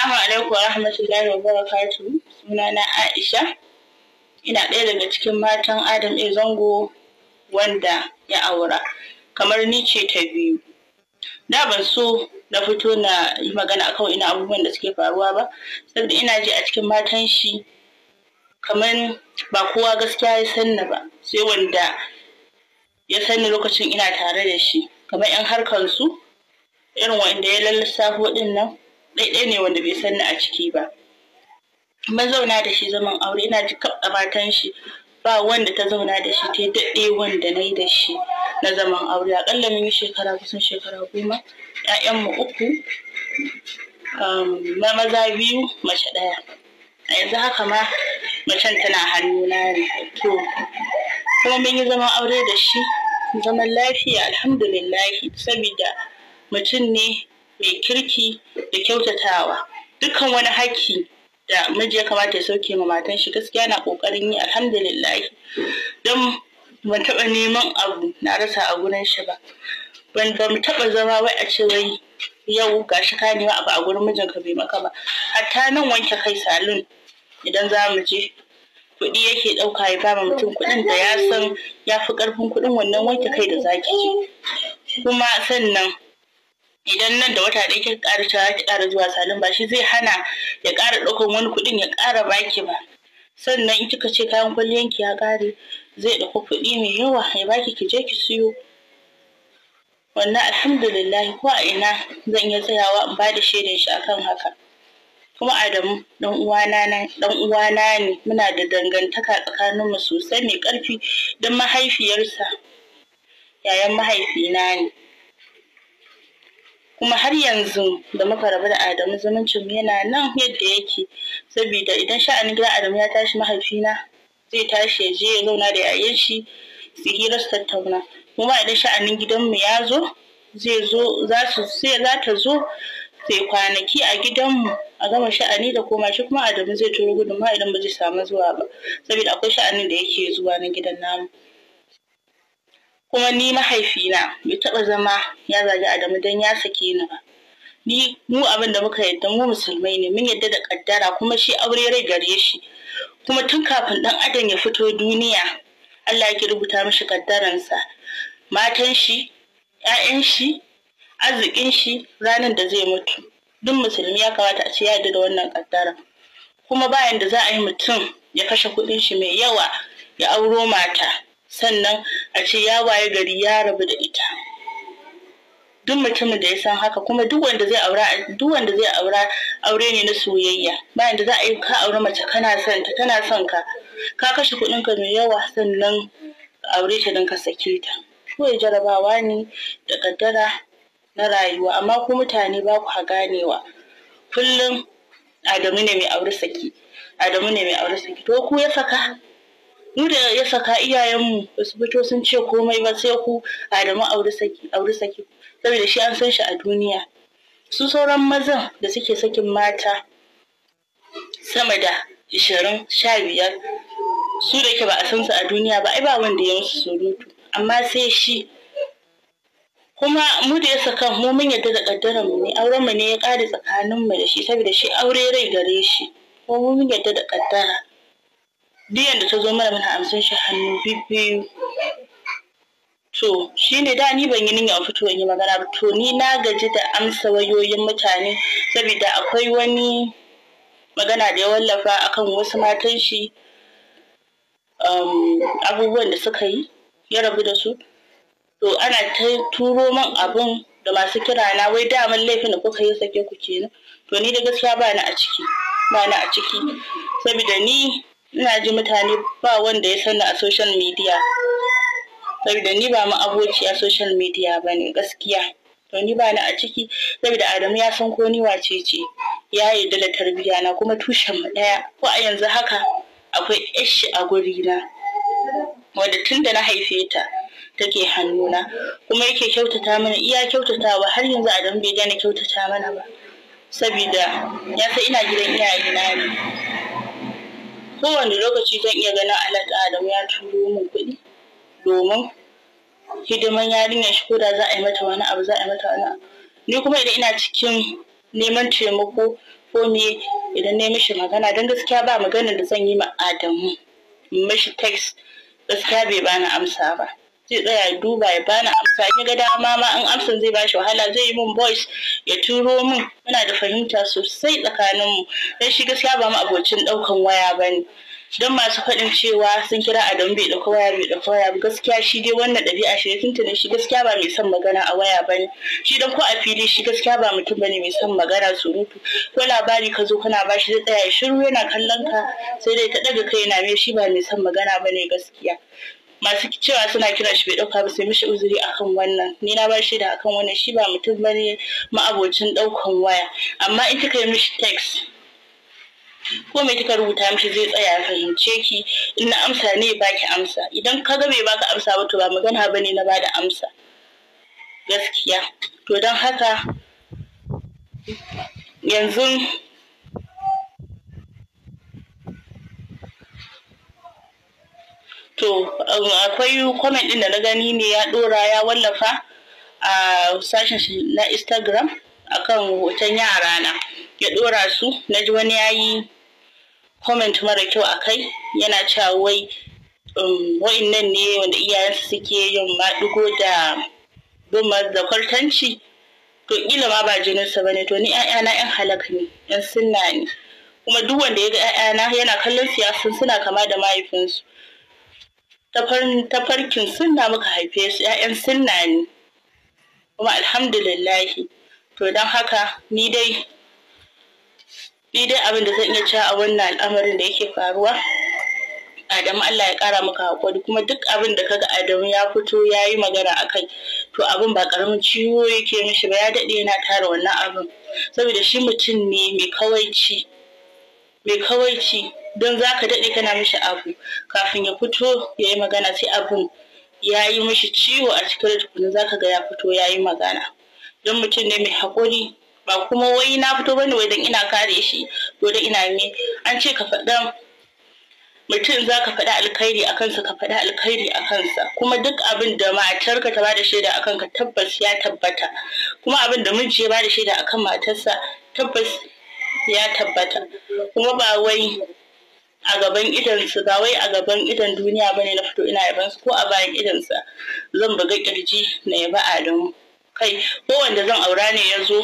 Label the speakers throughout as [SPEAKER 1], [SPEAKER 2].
[SPEAKER 1] Assalamu alaikum wa rahmatullahi wa barakatu. Sunana Aisha. Ina ɗaya daga cikin matan Adam A. Zango wanda ya aura. Kamar ni ce ta biyu. Da ban so na fito na yi magana akan ina abubuwan da suke faruwa ba, saboda ina ji a cikin matan shi kamar ba kowa gaskiya ya sanna ba, sai wanda ya sanni lokacin ina tare da shi. Kamar 'yan harkar su irin wanda ya lallasa ɗin nan. ɗaiɗai ne wanda bai san ni a ciki ba Ban zauna da shi zaman aure ina ji kaɓa matan shi ba wanda ta zauna da shi ta daɗe wanda na yi da shi na zaman aure aƙalla mun yi shekara kusan shekara goma mu uku um, maza biyu mace ɗaya a yanzu haka ma macen tana hannuna ne to kuma mun yi zaman aure da shi zaman lafiya alhamdulillahi saboda mutum ne Mai kirki da kyautatawa dukkan wani haƙƙi da miji ya kamata ya sauke ma matan shi gaskiya na ƙoƙarin yi alhamdulillah don ban taɓa neman abu na rasa a gurin shi ba ban ba mu taɓa zama wai a ce wai yau gashi ka nema abu a gurin mijin ka bai maka ba hatta nan wanke kai salon idan za mu je kuɗi yake ɗauka ya ba mutum kuɗin da ya san ya fi ƙarfin kuɗin wannan wanke kai da zaki kuma sannan idan nan da wata ɗaya kika ƙara cewa ki ƙara zuwa salon ba shi zai hana ya ƙara ɗaukan wani kuɗin ya ƙara baki ba sannan in kika ce kayan kwalliyan ki ya ƙare zai ɗauki kuɗi mai yawa ya baki ki je ki siyo wannan alhamdulillah ko a ina zan iya tsayawa in bada shaidan shi akan haka kuma Adamu dan uwana na dan uwana ne muna da dangantaka tsakanin mu sosai mai karfi dan mahaifiyarsa yayan mahaifina ne kuma har yanzu da muka rabu da Adamu zumuncin yana nan yadda yake saboda idan sha'anin gidan Adamu ya tashi mahaifina zai tashi ya je ya zauna da yayin shi su hira su tattauna kuma idan sha'anin gidanmu ya zo zai zo za su sai za ta zo sai kwanaki a gidanmu a gama sha'ani da koma shi kuma Adamu zai turo gudunmawa idan ba zai samu zuwa ba saboda akwai sha'anin da yake zuwa na gidan namu kuma ni mahaifina bai taɓa zama ya zagi Adamu don ya sake ni ba. Ni mu abin da muka yadda mu musulmai ne mun yadda da kaddara kuma shi aure rai gare shi. Kuma tun kafin ɗan adam ya fito duniya Allah ya rubuta mishi kaddaransa. Matan shi, ‘ya'yan shi, arzikin shi ranar da zai mutu. Duk musulmi ya kamata a ce ya yadda da wannan kaddara. Kuma bayan da za a yi mutum ya kashe kuɗin shi mai yawa ya auro mata. sannan a ce ya waye gari ya rabu da ita duk mutumin da ya san haka kuma duk wanda zai aura duk wanda zai aura aure ne na soyayya bayan da za a yi ka aure mace kana son ta kana son ka ka kashe kuɗin ka mai yawa sannan aure ta don ka sake ta kawai jarabawa ne da kaddara na rayuwa amma ku mutane ba ku haganewa. kullum Adamu ne mai aure saki Adamu ne mai aure saki to ku ya saka mu da ya saka iyayenmu ba su fito sun ce komai ba sai ku Adamu auri saki auri saki saboda shi an san shi a duniya su sauran mazan da suke sakin mata sama da ishirin sha biyar su da ke ba a san su a duniya ba ai ba wanda ya musu surutu amma sai shi kuma mu da ya saka mu mun yadda da kaddarar mu ne auren mu ne ya kare tsakanin mu da shi saboda shi aure rai gare shi ko mu mun yadda da kaddara diyan da ta zo mana mana amsan shi hannu bibbiyu to shi ne da ni ban yi niyyar fito in yi magana ba to ni na gaji da amsa wayoyin mutane saboda akwai wani magana da ya wallafa akan wasu matan shi um, abubuwan da suka yi ya rabu da su to ana ta turo man abun da masu kira na wai daman laifin da kuka yi sake ku kenan to ni da gaskiya ba ni a ciki ba ni a ciki saboda ni ina ji mutane ba wanda ya sani a social media saboda ni ba a social media ba ne gaskiya to ni ba ni a ciki saboda adamu ya san ko ni wace ce ya yarda da tarbiyya na kuma tushen mu ɗaya ko a yanzu haka akwai shi a guri na wanda tun da na haife ta take hannuna kuma yake kyautata mana iya kyautatawa har yanzu adamu bai gane kyautata mana ba saboda ya sai ina gidan iyayena ne kowane lokaci zan iya ganin alaƙa adam ya turo min kuɗi domin hidiman yarinya shi ko da za a yi mata wani abu za a yi mata wani abu ni kuma idan ina cikin neman taimako ko me idan na mishi magana don gaskiya ba maganar da zan yi ma adamu mishi text gaskiya bai bani amsa ba zai tsaya ya duba ya bani amsa ga dama ma in amsan zai bashi wahala zai yi mun voice ya turo mun muna da fahimta sosai tsakanin mu dan shi gaskiya ba mu abocin daukan waya bane don masu faɗin cewa sun kira a don bai ɗauka waya bai ɗauka waya gaskiya shi dai wannan ɗabi'a shi tun tuntuni shi gaskiya ba mai son magana a waya bane shi dan ko a fili shi gaskiya ba mutum bane mai son magana surutu ko labari ka zo kana bashi zai tsaya shiru yana kallon ka sai dai ta ɗaga kai na mai shi ba mai son magana bane gaskiya masu cewa suna kiran shi bai dauka ba sai mishi uzuri akan wannan ni na shi da akan wannan shi ba mutum bane ma'abocin ɗaukan waya amma in kika yi mishi text ko mai kika rubuta mishi zai tsaya ya fahimce ki in na amsa ne baki amsa idan ka ga bai baka amsa ba to ba magana bane na bada amsa gaskiya to don haka yanzu to akwai comment ɗin da na gani ne ya ɗora ya wallafa a sashen na instagram akan hoton yara na ya ɗora su na ji wani yayi comment mara kyau a kai yana cewa wai um, nan ne wanda iyayensu suke yin maɗigo da goma da kwartanci to ƙila ma ba jininsa ba ne to ni 'ya'yana 'yan halaka ne 'yan sunna ne kuma duk wanda ya ga 'ya'yana yana kallon siyasa suna kama da mahaifinsu Ta farkin sunna muka haife su 'ya'yan sunna ne kuma alhamdulillahi to don haka ni dai ni dai abin da zan iya cewa a wannan al'amarin da yake faruwa Adamu Allah ya kara maka hakuri kuma duk abin da kaga Adamu ya fito ya yi magana a kai. to abin ba karamin ciwo yake mishi ba ya daɗe yana tara wannan abin saboda shi mutum ne mai kawaici mai kawaici don za ka daɗe kana mishi abu kafin ya fito ya yi magana sai abun ya yi mishi ciwo a cikin tukuna za ka ga ya fito ya yi magana don mutum ne mai haƙuri ba kuma wai na fito bane wai don ina kare shi dole ina me an ce ka faɗa mutum za ka faɗi alkhairi a kansa ka faɗi alkhairi a kansa kuma duk abin da matarka ta ba bada shaida akan ka tabbas ya tabbata kuma abin da miji ya ba bada shaida akan matarsa tabbas ya tabbata kuma ba wai a gaban idansu ba wai a gaban idan duniya ba ne na fito ina yaban su ko a bayan idansa zan buga kirji na yaba adamu kai ko wanda zan aura ne ya zo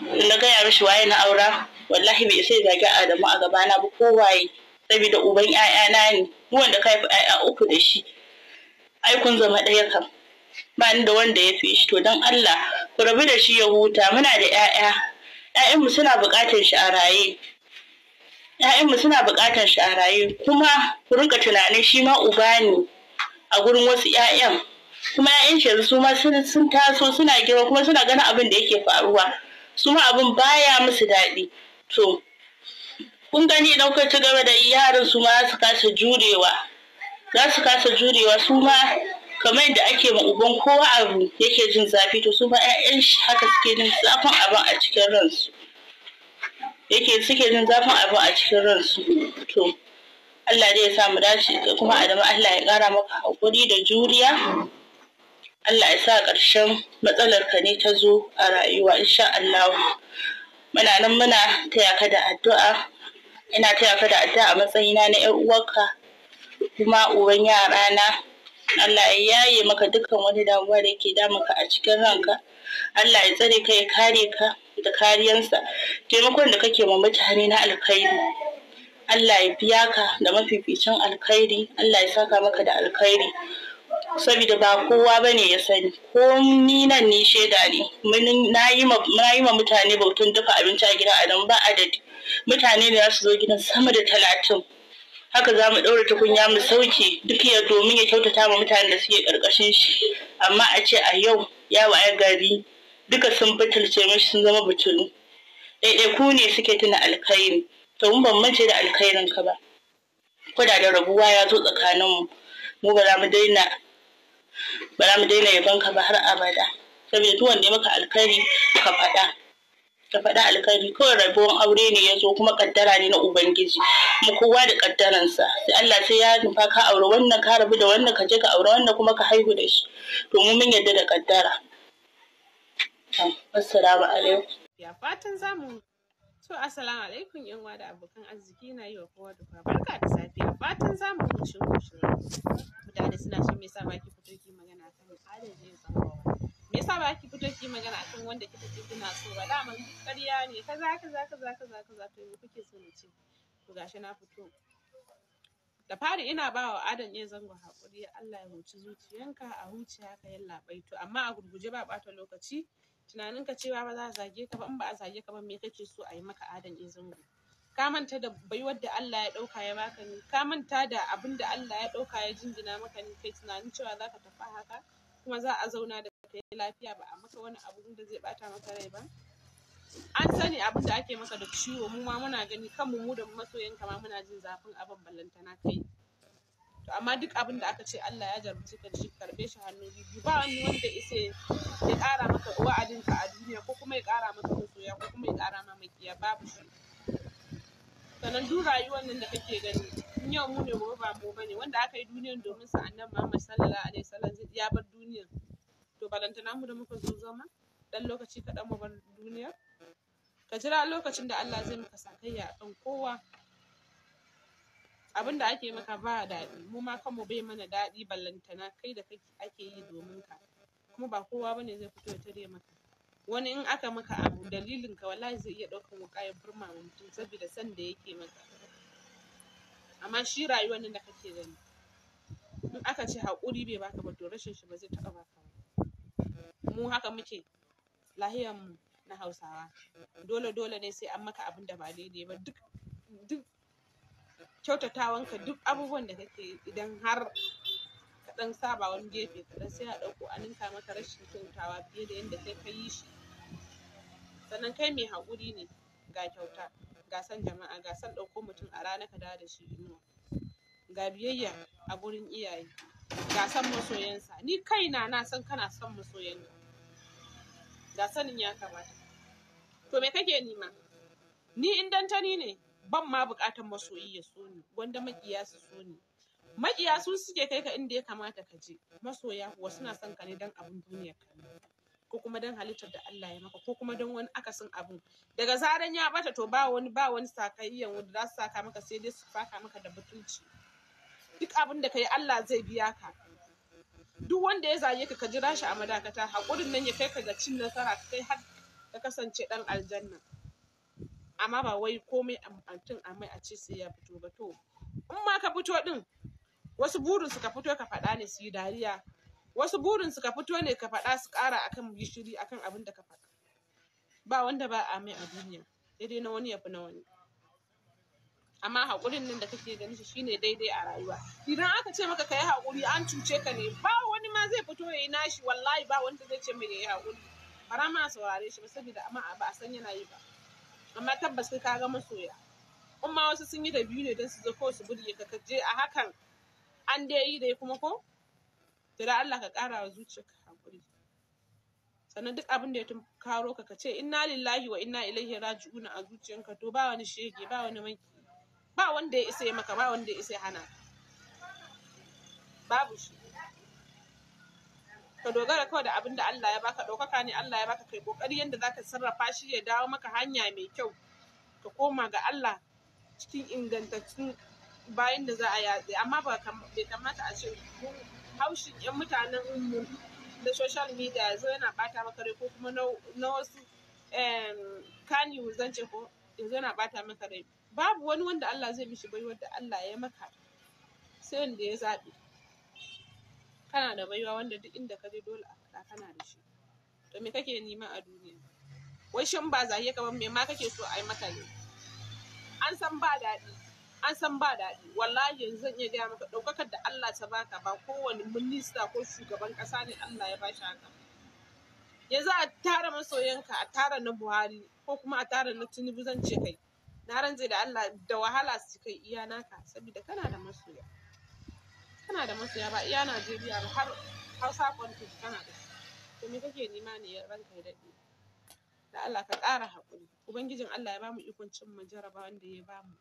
[SPEAKER 1] na gaya mishi waye na aura wallahi bai sai zagi adamu a gabana ba ko waye saboda uban 'ya'yana ne mu wanda ka fa 'ya'ya uku da shi ai kun zama ɗaya kam ba ni da wanda ya fi shi to dan Allah ku rabu da shi ya huta muna da 'ya'ya 'ya'yanmu suna buƙatar shi a raye ‘ya'yanmu suna buƙatar shi a raye kuma ku rinka tunanin shi ma uba ne a gurin wasu ‘ya'yan kuma ‘ya'yan shi yanzu ma sun taso suna girma kuma suna ganin abin da yake faruwa su ma abin baya musu daɗi to kun gani idan kuka ci gaba da yaran su ma su kasa jurewa za su kasa jurewa su ma kamar yadda ake ma uban kowa abu yake jin zafi to su ma ‘ya'yan shi haka suke jin zafin abin a cikin ransu yake suke jin zafin abu a cikin ransu to Allah dai ya sa mu dace kuma Adamu Allah ya kara maka haƙuri da juriya Allah ya sa ƙarshen matsalar ka ne ta zo a rayuwa insha Allah muna nan muna taya ka da addu'a ina taya ka da addu'a a matsayina na ƴan uwarka kuma uban yarana Allah ya yaye maka dukkan wani damuwa da yake damunka a cikin ranka Allah ya tsare ka ya kare ka da kariyansa taimakon da kake ma mutane na alkhairi Allah ya biya ka da mafificin alkhairi Allah ya saka maka da alkhairi saboda ba kowa bane ya sani ko ni nan ni shaida ne na yi ma mutane bautun dafa abinci a gidan adam ba adadi mutane da su zo gidan sama da talatin haka za mu ɗaura tukunya mu sauke duk ya domin ya kyautata ma mutane da suke ƙarƙashin shi amma a ce a yau ya gari duka sun butulce mashi sun zama ɗaiɗai ku ne suke tuna alkhairi to mun ban mace da alkhairin ka ba ko da rabuwa ya zo tsakaninmu mu ba za mu daina ba za mu daina yabon ka ba har abada saboda duk wanda ya maka alkhairi ka faɗa ta faɗa alkhairi kawai rabuwan aure ne ya zo kuma kaddara ne na ubangiji mu kowa da kaddaransa sai Allah sai ya nufa ka aure wannan ka rabu da wannan ka je ka aure wannan kuma ka haihu da shi to mu mun yadda da kaddara assalamu alaikum
[SPEAKER 2] ya fatan zamu to assalamu alaikum yan uwa da abokan arziki na yi wa kowa da kowa barka da safiya fatan zamu mu shi mutane suna so me yasa ba ki fito ki magana kan adadin zama me yasa ba ki fito ki magana kan wanda kika ce kina so ba dama duk ƙarya ne kaza kaza kaza kaza kaza to me kuke so ce to gashi na fito da fari ina ba wa adam ne zango haƙuri Allah ya huci zuciyanka a huciya ka yallaɓai to amma a gurguje ba ɓata lokaci tunaninka cewa ba za a zage ka ba in ba a zage ka ba me kake so a yi maka adam ne zango ka manta da baiwar da Allah ya ɗauka ya baka ne ka manta da abin da Allah ya ɗauka ya jinjina maka ne kai tunanin cewa za ka tafi haka kuma za a zauna da kai lafiya ba a maka wani abu da zai bata maka rai ba an sani abin da ake maka da ciwo mu ma muna gani kanmu mu da masoyan kama muna jin zafin abin na kai to amma duk abin da aka ce Allah ya jarumci ka shi karbe shi hannu biyu ba wani wanda isa ya kara maka wa'adin ka a duniya ko kuma ya kara maka masoya ko kuma ya kara maka makiya babu shi sanan duk rayuwar nan da kake gani yau mu ne gobe ba mu bane wanda aka yi duniyar domin sa annabi Muhammad a alaihi wasallam ya bar duniyar to balantana mu da muka zo zama dan lokaci kaɗan mu bar duniyar ka jira lokacin da Allah zai maka sakayya akan kowa abin da ake maka ba daɗi mu ma kanmu bai mana daɗi ballantana kai da ake yi domin ka kuma ba kowa bane zai fito ya tare maka wani in aka maka abu dalilin ka wallahi zai iya ɗaukan wuƙa ya burma mutum saboda san da yake maka amma shi rayuwar nan da kake gani in aka ce haƙuri bai baka ba to rashin shi ba zai taɓa baka ba mu haka muke lahiyar mu na hausawa dole dole ne sai an maka abin da ba daidai ba duk duk kyautatawanka duk abubuwan da kake idan har kaɗan ɗan saba wani gefe kaɗan sai a ɗauko a ninka maka rashin kyautawa fiye da yadda kai ka yi shi sannan kai mai haƙuri ne ga kyauta ga san jama'a ga san ɗauko rana ka dawo da shi inuwa ga biyayya a gurin iyaye ga san masoyansa ni kaina na san kana son masoyanka ga sanin ya kamata to me kake nima ni in dantani ne ban ma bukatan masoyi ya ne wanda makiya su su ne makiya su suke kai ka inda ya kamata ka je masoya kuwa suna son ka ne dan abin duniya ka ko kuma don halittar da Allah ya maka ko kuma don wani akasin abu daga zaran ya bata to ba wani ba wani sakayyan wanda za su saka maka sai dai su faka maka da butulci duk abin da kai Allah zai biya ka duk wanda ya zaye ka ka jira shi a madakata hakurin nan ya kai ka ga cin nasara ka kai har ka kasance dan aljanna amma ba wai komai amfantin amai a ce sai ya fito ba to in ma ka fito din wasu burin su ka fito ka faɗa ne su yi dariya wasu burinsu ka fito ne ka faɗa su ƙara akan gishiri akan abin da ka faɗa ba wanda ba a mai a duniya daidai na wani yafi na wani amma haƙurin nan da kake ganin shi shine daidai a rayuwa idan aka ce maka ka yi haƙuri an cuce ka ne ba wani ma zai fito ya yi nashi wallahi ba wanda zai ce mai ya yi haƙuri bara ma saurare shi ba saboda amma ba a san yana yi ba amma tabbas kai ka ga masoya in wasu sun yi da biyu ne don su zo ko su burge ka je a hakan an dai yi dai kuma ko to Allah ka ƙara wa zuciyarka hakuri sannan duk abin da ya tunkaro ka ka ce inna lillahi wa inna ilaihi raji'una a zuciyarka to ba wani shege ba wani manki ba wanda ya isa maka ba wanda ya isa hana babu shi ka dogara kawai da abin da Allah ya baka ɗaukaka ne Allah ya baka kai kokari yadda zaka sarrafa shi ya dawo maka hanya mai kyau ka koma ga Allah cikin ingantattun bayan da za a yatsa amma ba bai kamata a ce haushin 'yan mutanen da social media ya zo yana bata maka rai ko kuma na wasu kani zan ce ko ya zo yana bata maka rai babu wani wanda Allah zai mishi baiwar da Allah ya maka sai wanda ya zaɓi kana da baiwa wanda duk inda ka je dole a faɗa kana da shi to me kake nema a duniya wai shin ba zai kamar me ma kake so a yi maka ne an san ba daɗi an san ba daɗi wallahi zan iya gaya maka ɗaukakar da Allah ta baka ba kowane minista ko shugaban ƙasa ne Allah ya bashi haka yanzu a tara masoyanka a tara na Buhari ko kuma a tara na Tinubu zan ce kai na rantse da Allah da wahala su kai iya naka saboda kana da masoya kana da masoya ba iya Najeriya ba har Hausa country kana da to me kake nema ne ranka ya daɗe da Allah ka ƙara haƙuri ubangijin Allah ya bamu ikon cin mu da ya bamu